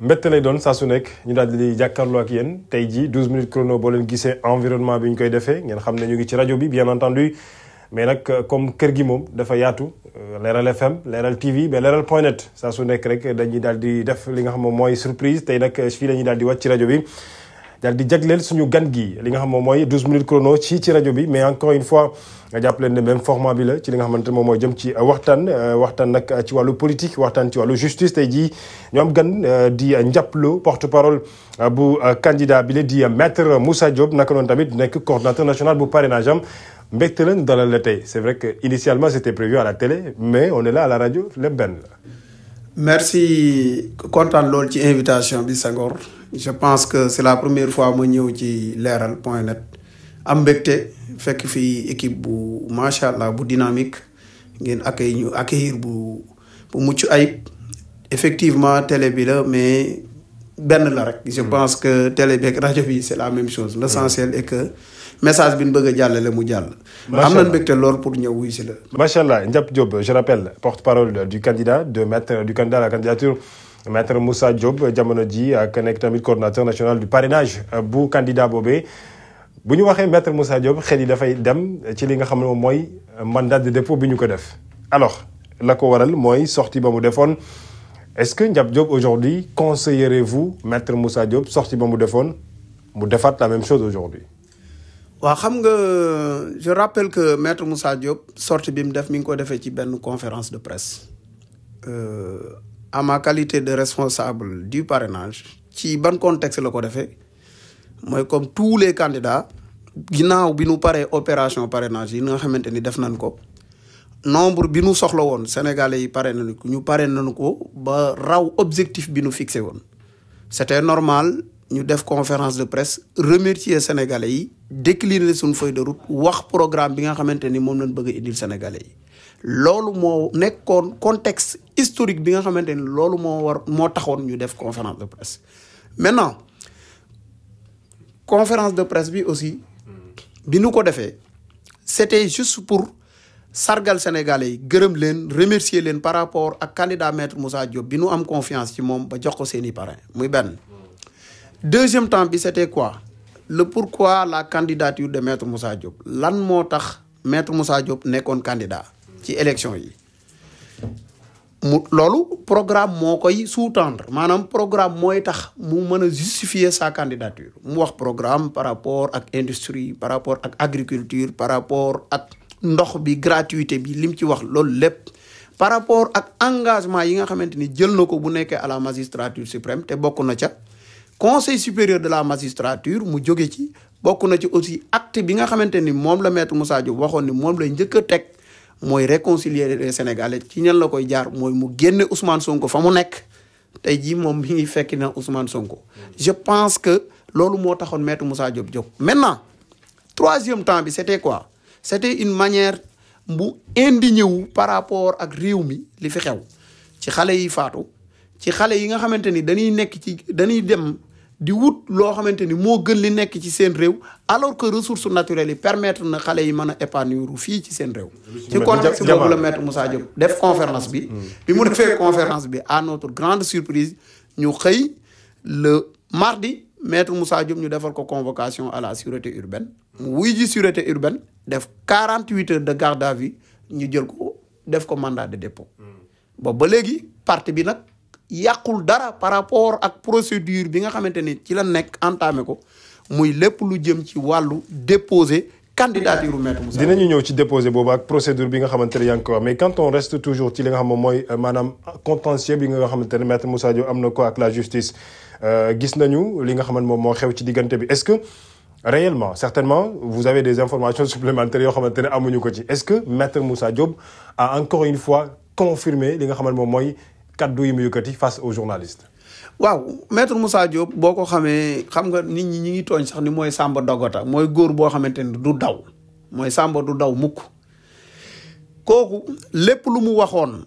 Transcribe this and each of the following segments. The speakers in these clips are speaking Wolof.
mbette lay doon saa su nekk ñu daal di jàkkaarloo ak yéen tey jii 12 minutes chrono boo leen gisee environnement bi ñu koy defee ngeen xam ne ñu ngi ci rajo bi bien entendu mais nag euh, comme kër gi moom dafa yaatu euh, Leeral FM Leeral TV mais Leeral point net saa su nekk rek dañuy daal di def li nga xam moom mooy surprise tey nag fii la ñuy daal di wàcc ci rajo bi. daal di jagleel suñu gan gi li nga xam moom mooy 12 minutes chrono ci ci rajo bi mais encore une fois nga jàpp leen ne même format bi la ci li nga xamante moom mooy jëm ci euh, waxtaan euh, waxtaan nag euh, ci wàllu politique waxtaan ci wàllu justice tey jii ñoom am gan di Ndiap Lo porte parole bu candidat bi la di maître Moussa Diop naka noonu tamit nekk coordonnateur nationale bu parrainage mbekk mbégte lañ dalal tey c'est vrai que initialement c'était prévu à la télé mais on est là rajo lépp benn kontaan lool ci invitation bi Sangor je pense que c'est la première fois ma ñëw ci leeral point net am mbégte fekk fii équipe bu macha allah bu dynamique ngeen accueil ñu accueillir bu bu mucc ayib effectivement télé bi la mais benn la rek. je hmm. pense que télé bi rajo bi c'est la même chose. Hmm. l'essentiel est que message bi ñu bëgg a jàllale mu jàll. am na mbégte lool pour ñëw wuy si la. macha allah Ndiap Diop je rappelle porte-parole du candidat de maître du candidat la candidature. maître Moussa Diop jamono ji ak nekk tamit coordonnateur national du parrainage bu candidat boobee bu ñu waxee maître Moussa Diop xel yi dafay dem ci li nga xam ne moom mooy mandat de dépôt bi ñu ko def alors la ko waral mooy sortie ba mu defoon est-ce que Ndiab Diop aujourd'hui conseillerez-vous maître Moussa Diop sortie ba mu defoon mu defaat la même chose aujourd'hui waaw xam nga je rappelle que maître Moussa Diop sortie bi mu def mi ngi ko defee ci benn conférence de presse. Euh, à ma qualité de responsable du parrainage ci ban contexte la ko defee mooy comme tous les candidats ginnaaw bi nu paree opération parrainage yi nga xamante ni def nañ ko nombre bi nu soxla woon sénégalais yi pare nañu ko ñu pare nañu ko ba raw objectif bi nu fixé woon c'était normal ñu def conférence de presse remercier sénégalais yi décliner suñu feuille de wax programme bi nga xamante ni moom lañ bëgg a indil yi loolu moo nekkoon contexte historique bi nga xamante ni loolu moo war moo taxoon ñu def conférence de presse maintenant conférence de presse bi aussi bi nu ko defee c'était juste pour sargal sénégalais yi gërëm leen remercier leen par rapport ak candidat maître Moussa Diop bi nu am confiance ci moom ba jox ko seeni parrain muy benn deuxième temps bi c'était quoi le pourquoi la candidature de maître Moussa Diop lan moo tax maître mussa Diop nekkoon candidat ci élection yi mu loolu programme moo koy sous-tendre maanaam programme mooy tax mu mën a justifier sa candidature mu wax programme par rapport ak industrie par rapport ak agriculture par rapport ak ndox bi gratuité bi lim ci wax loolu lépp par rapport ak engagement yi nga xamante ni jël na ko bu nekkee à la magistrature suprême te bokk na ca conseil supérieur de la magistrature mu jóge ci bokk na ci aussi acte bi nga xamante ni moom la maître Moussa waxoon ni moom lay njëkk a teg mooy réconcilier les Sénégalais ci ñan la koy jaar mooy mu génne Ousmane Sonko fa mu nekk tey jii moom mi ngi fekki na Ousmane Sonko. je pense que loolu moo taxoon maître Moussa job jóg. maintenant troisième temps bi c' était quoi c' une manière bu indi ñëw par rapport ak réew mi li fi xew ci xale yi faatu ci xale yi nga xamante ni dañuy nekk ci dañuy dem. di wut loo xamante ni moo gën li nekk ci seen réew alors que ressources naturelles yi permettre na xale yi mën a épanouir fii ci seen réew. ci contexte boobu la maître def conférence bi. Hmm. bi mu defee conférence bi à notre grande surprise ñu xëy le mardi maître Moussa ñu defal ko convocation à la sûreté urbaine. mu wuy ji sûreté urbaine def 48 heures de garde à ñu jël ko def ko mandat de dépôt. Hmm. ba ba léegi parti bi nag. yàqul dara par rapport ak procédure bi nga xamante ni ci la nekk entamé ko muy lépp lu jëm ci wàllu déposer candidature maître Moussa dinañu ñëw ci déposé boobu ak procédure bi nga xamante ne yaa ngi ko wax mais quand on li nga xam moom mooy euh, maanaam contentieux bi nga xamante ne maître Moussa Diop am na ko ak la justice euh, gis nañu li nga xamante moom moo xew ci diggante bi est-ce que réellement certainement vous avez des informations supplémentaires yoo xamante ne amuñu ko ci est-ce que maître Moussa Diop a encore une fois confirmé li nga xamante moom mooy kaddu yu mu yëkkati face aux journalistes. waaw maître Moussa boo ko xamee xam nga nit ñi ñi ngi tooñ sax ni mooy Samba Dogota mooy góor boo xamante ni du daw mooy Samba du daw mukk kooku lépp lu mu waxoon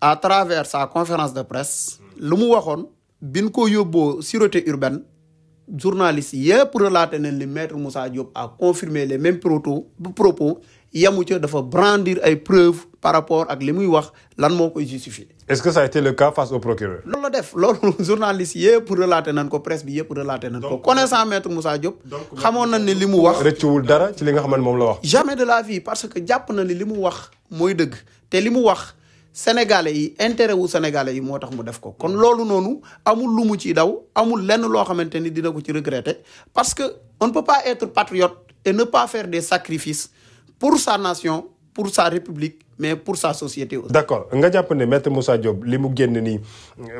a travers sa conférence de presse lu mu waxoon bin ko yóbboo sûreté urbaine journalistes yëpp relaté nañ li maître Moussa a confirmé les mêmes propos propos yamu ca dafa brandir ay preuves par rapport ak li muy wax lan moo koy justifier. est-ce que ça a été le cas face au procureur. loolu la def loolu pour yëpp relaté nañ ko presse bi yëpp relaté nañ ko. connaissant maître Moussa Diop. xamoon nañ ne li mu wax. wul dara ci li nga xaman ne moom la wax. jamais de la vie parce que jàpp na ne li mu wax mooy dëgg te li mu wax. sénégalais yi intérêt wu sénégalais yi moo tax mu def ko kon loolu noonu amul lu mu ci daw amul lenn loo xamante ni dina ci regretter parce que on ne peut pas patriote et ne pas des sacrifices pour sa nation pour sa république mais pour sa société aussi. d' nga jàpp ne maître Moussa Diop li mu génn nii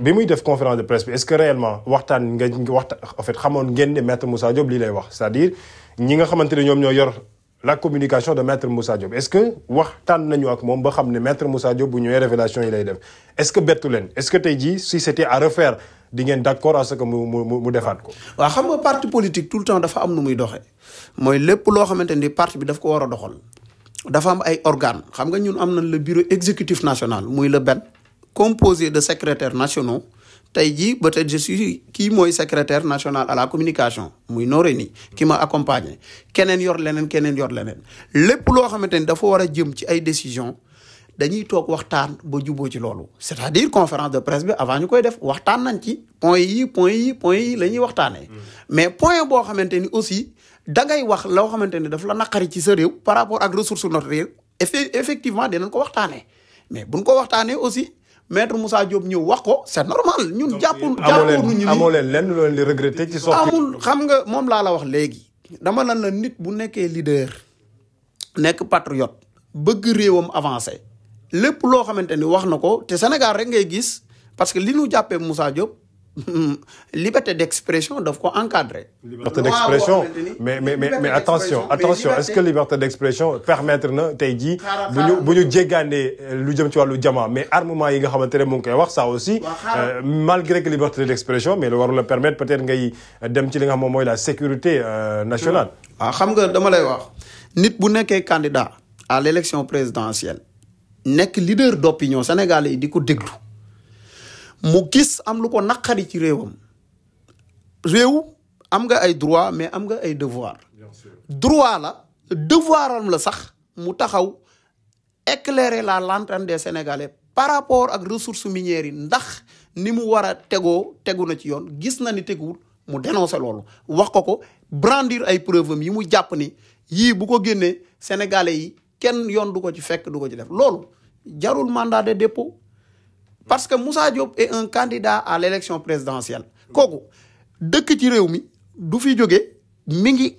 bi muy def conférence de presse bi est ce que réellement waxtaan nga waxta en fait xamoon ngeen ne maître Moussa Diop lay wax c' est à dire ñi nga xamante ne ñoom ñoo yor la communication de maître Moussa Diop est ce que waxtaan nañu ak moom ba xam ne maître Moussa Diop ñëwee révélation yi lay def est ce que bettu leen est ce que tey jii si c' à di ngeen d'accord à ce que mu mu mu defaat ko. waaw xam nga parti politique tout le temps dafa am nu muy doxee mooy lépp loo xamante ni parti bi daf ko war a doxal dafa am ay organe xam nga ñun am nañ le bureau exécutif national muy le benn composé de secrétaires nationaux. tey jii peut-être je kii mooy secrétaire national à la communication muy nooré nii ki ma accompagné keneen yor leneen keneen yor leneen lépp loo xamante ni dafa war a jëm ci ay décision dañuy toog waxtaan ba juboo ci loolu c'est-à-dire conférence de presse bi avant ñu koy def waxtaan nañ ci point yi point yi point yi la ñuy waxtaanee mm. mais point boo xamante ni aussi da ngay wax loo xamante ni daf la naqari ci sa réew par rapport ak ressource notre réew effectivement dinañ ko waxtaanee mais buñ ko waxtaanee aussi maître Moussa Diop ñëw wax ko c'est normal ñun jàppul jàppoonu ñu amoo leen lenn loo leen di regretter ci sortie amul xam nga moom laa la wax léegi dama lan la nit bu nekkee leader nekk patriote bëgg réewam avancé lépp loo xamante ni wax na ko te Sénégal rek ngay gis parce que li ñu jàppee Moussa Diop liberté d'expression daf ko encadrer. liberté d'expression mais mais mais attention attention est-ce que liberté d'expression permettre na tey jii. bu ñu bu ñu jéggaandee euh, lu jëm ci wàllu jamaa mais armement yi nga xamante ne mu ngi koy wax ça aussi. Euh, malgré que liberté d'expression mais lu warul la permettre peut-être ngay dem ci li nga moom mooy la sécurité euh, nationale. waaw xam nga dama lay wax nit bu nekkee candidat à l'élection présidentielle. nekk leader d'opinion sénégalais yi di ko déglu mu gis am lu ko naqari ci réewam réew am nga ay droit mais am nga ay devoir droit la devoir am la sax mu taxaw éclairer la lanterne des sénégalais par rapport ak ressources minières yi ndax ni mu war a tegoo tegu na ci yoon gis na ni teguwul mu dénoncé loolu wax ko ko brandir ay preuve am yi mu jàpp ni yii bu ko génnee sénégalais yi kenn yoon du ko ci fekk du ko ci def loolu jarul mandat de dépôt parce que Moussa Diop et un candidat à l'élection présidentielle kooku dëkk ci réew mi du fi jóge mi ngi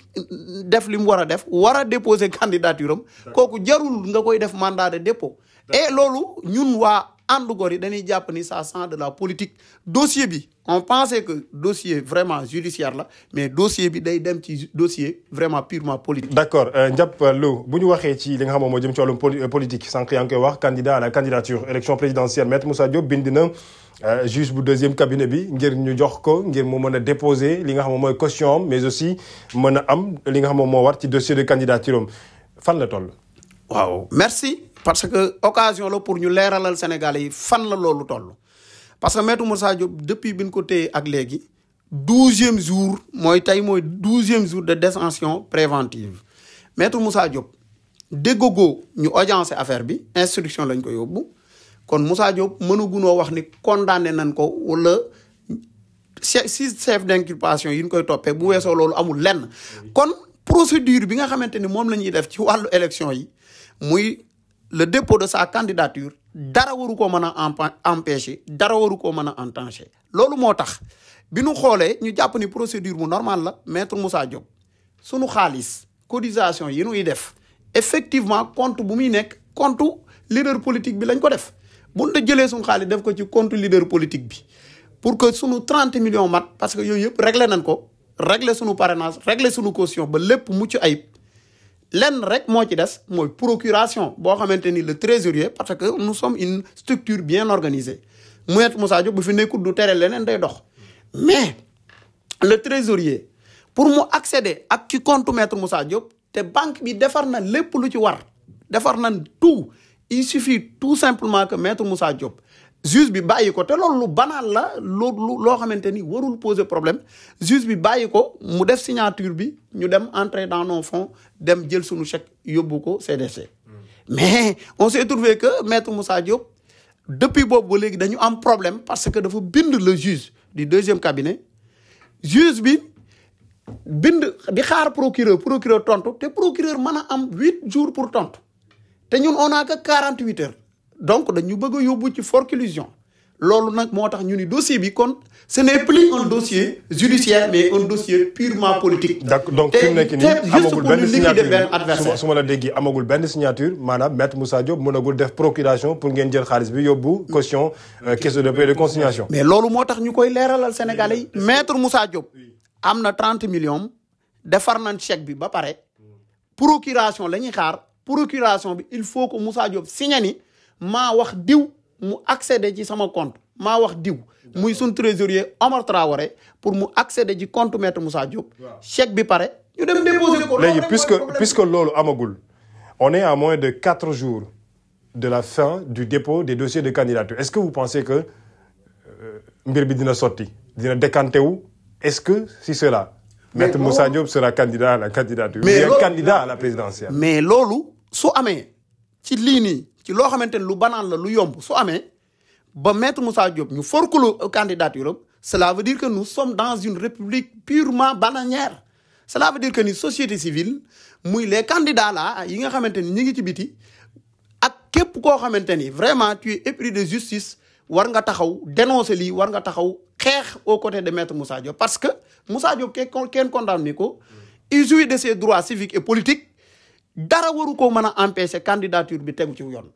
def li mu war a def war a déposer candidature am kooku jarul nga koy def mandat de dépôt et loolu ñun waa ànd gor yi dañuy jàpp ni ça sent de la politique dossier bi on pensait que dossier vraiment judiciaire la mais dossier bi day dem ci dossier vraiment purement politique. d' accord euh, Ndiap bu ñu waxee ci li nga xam moom moo jëm ci wàllum politique sànq yaa ngi koy wax candidat à la candidature élection présidentielle maître Moussa Diop na euh, juge bu deuxième cabinet bi ngir ñu jox ko ngir mu mën a déposer li nga xam moom mooy caution mais aussi mën a am li nga xam moom moo war ci dossier de candidature am fan la toll. waaw merci. parce que occasion la pour ñu leeralal Sénégalais yi fan la loolu toll. parce que maître Moussa depuis bi ñu ko ak léegi douzième jour mooy tey mooy douzième jour de détention préventive maître Moussa Diop déggoo ñu audience affaire bi instruction lañ ko yóbbu kon Moussa Diop mënagunoo wax ni kon daane nañ ko wala. si chef d'inculpation yi ñu koy toppee bu weesoo loolu amul lenn kon procédure bi nga xamante ni moom la ñuy def ci wàllu élection yi muy le dépôt de sa candidature dara waru koo mën a empêcher dara waru koo mën a entacher loolu moo tax bi nu xoolee ñu jàpp ni procédure mu normal la mu Moussa Diop sunu xaalis cotisation yi nuy def effectivement compte bu muy nekk compte leader politique bi lañ ko def buñ da jëlee suñu xaalis def ko ci compte leader politique bi pour que sunu 30 million mat parce que yooyu yëpp réglé nañ ko réglé sunu parrainage réglé suñu costion ba lépp mucc ayib lenn rek moo ci des mooy procuration boo xamante ni la le trésorier parce que nous sommes une structure bien organisée Maître Moussa bu fi nekkul du teree leneen day dox mais le trésorier pour mu accéder ak ci compte Maître Moussa Diop te banque bi defar na lépp lu ci war defar na tout il suffit tout simplement que Maître Moussa Diop juge bi bàyyi ko te loolu lu banal la loolu loo xamante ni warul poser problème juge bi bàyyi ko mu def signature bi ñu dem entrer dans non fond dem jël suñu chèque yóbbu ko CDC. Hmm. mais on s'est trouvé que maître Moussa Diop depuis boobu ba léegi dañu am problème parce que dafa bind le juge du deuxième cabinet juge bi bind di xaar procureur procureur tontu te procureur mën a am huit jours pour tontu te ñun on a que quarante huit heures. donc dañu bëgg a yóbbu ci forclusion loolu nag moo tax ñu ni dossier bi kon ce n'est plus un dossier judiciaire mais un dossier purement politique. d'accord donc fi mu nekk nii amagul benn signature su ma la déggee amagul benn signature maanaam maître Moussa Diop mënagul def procuration pour ngeen jël xaalis bi yóbbu caution euh, caisse de dépôt et de consignation. mais loolu moo tax ñu koy leeralal Sénégalais yi. maître Moussa Diop am na 30 millions defar na chèque bi ba pare procuration la ñuy xaar procuration bi il faut que Moussa Diop signé ni. maa wax diw mu accéder ci sama compte maa wax diw muy suñ trésorier Omar Traoré pour mu accéder ci compte maître Moussa Diop. chèque bi pare ñu dem déposer ko. léegi puisque puisque loolu amagul on est à moins de quatre jours de la fin du dépôt des dossiers de candidature est-ce que vous pensez que euh, mbir bi dina sotti dina décanté wu est-ce que si cela. maître Moussa Diop sera candidat à la candidature. mais candidat à la présidentielle. mais loolu su amee ci lii nii ci loo xamante ne lu banaan la lu yomb su amee ba maître Moussa Diop ñu forkuloo candidature am cela veut dire que nous sommes dans une république purement bananière cela veut dire que ni société civile muy les candidats la yi nga xamante ni ñu ngi ci biti ak képp koo xamante ni vraiment tu es épris de justice war nga taxaw dénoncer lii war nga taxaw xeex aux côté de maître Moussa Diop parce que Moussa Diop kenn kenn condamné ko il jouit de ses droits civiques et politiques dara waru koo mën a empêcher candidature bi tegu ci yoon.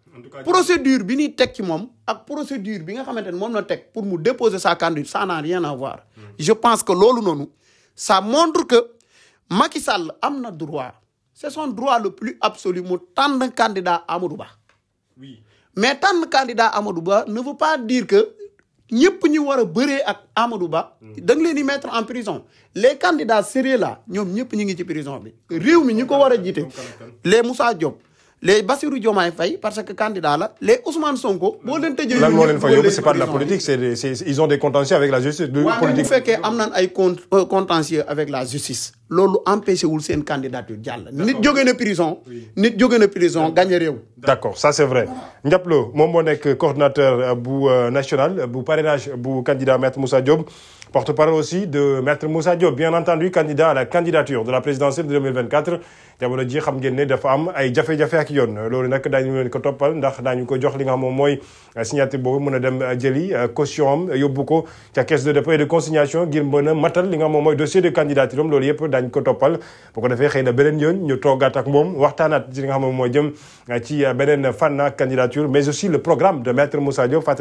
procédure bi ni teg ci moom ak procédure bi nga xamante ne moom na teg pour mu déposer sa candidature ça n'a rien à hmm. je pense que loolu noonu sa montre que Macky Sall am na droit c'est son droit le plus absolu mu tànn candidat Amadou Ba. oui mais tànn candidat Amadou Ba ne veut pas dire que ñëpp ñu war a bëree ak Amadou Ba. Mm. da nga leen di mettre en prison les candidats sérieux la ñoom ñëpp ñu ngi ci prison bi réew mi ñu ko war a jiite mm. les Moussa Diop. les Bassirou Diomaye Faye parce que candidat la les Ousmane Sonko. boo leen tëjee lan moo leen fa yóbbu c'est pas de la politique c'est c'est ils ont des contentieux avec la justice. du politique bu fekkee am nañ ay euh, contentieux avec la justice. loolu empêché wul seen candidature jàll. nit jóge na prison. nit joge na prison gagné réew. d'accord ça c'est vrai Ndiaye Lo moom moo nekk coordonnateur bu euh, national bu parrainage bu candidat maître Moussa Diop. Porte-parole aussi de Maître Moussa Diop bien entendu candidat à la candidature de la présidentielle de jamono ji xam ngeen dafa am ay jafe-jafe ak yoon loolu nag daañu ko toppal ndax daañu ko jox li nga xam mooy signature boobu mën a dem jëli euh, caution am yóbbu ko ca caisse de dépôt et de consignation ngir mën matal li nga xam mooy dossier de candidature loolu yëpp daañu ko toppal bu ko defee xëy na beneen yoon ñu toogaat ak moom waxtaanaat ci li nga euh,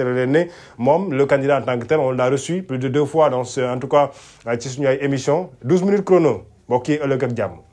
euh, ne moom le candidat en tant que tel on l'a reçu plus de deux on se en tout cas euh, ci suñu ay émission 12 minutes chrono mbokk yi ëllëg ak jàmm.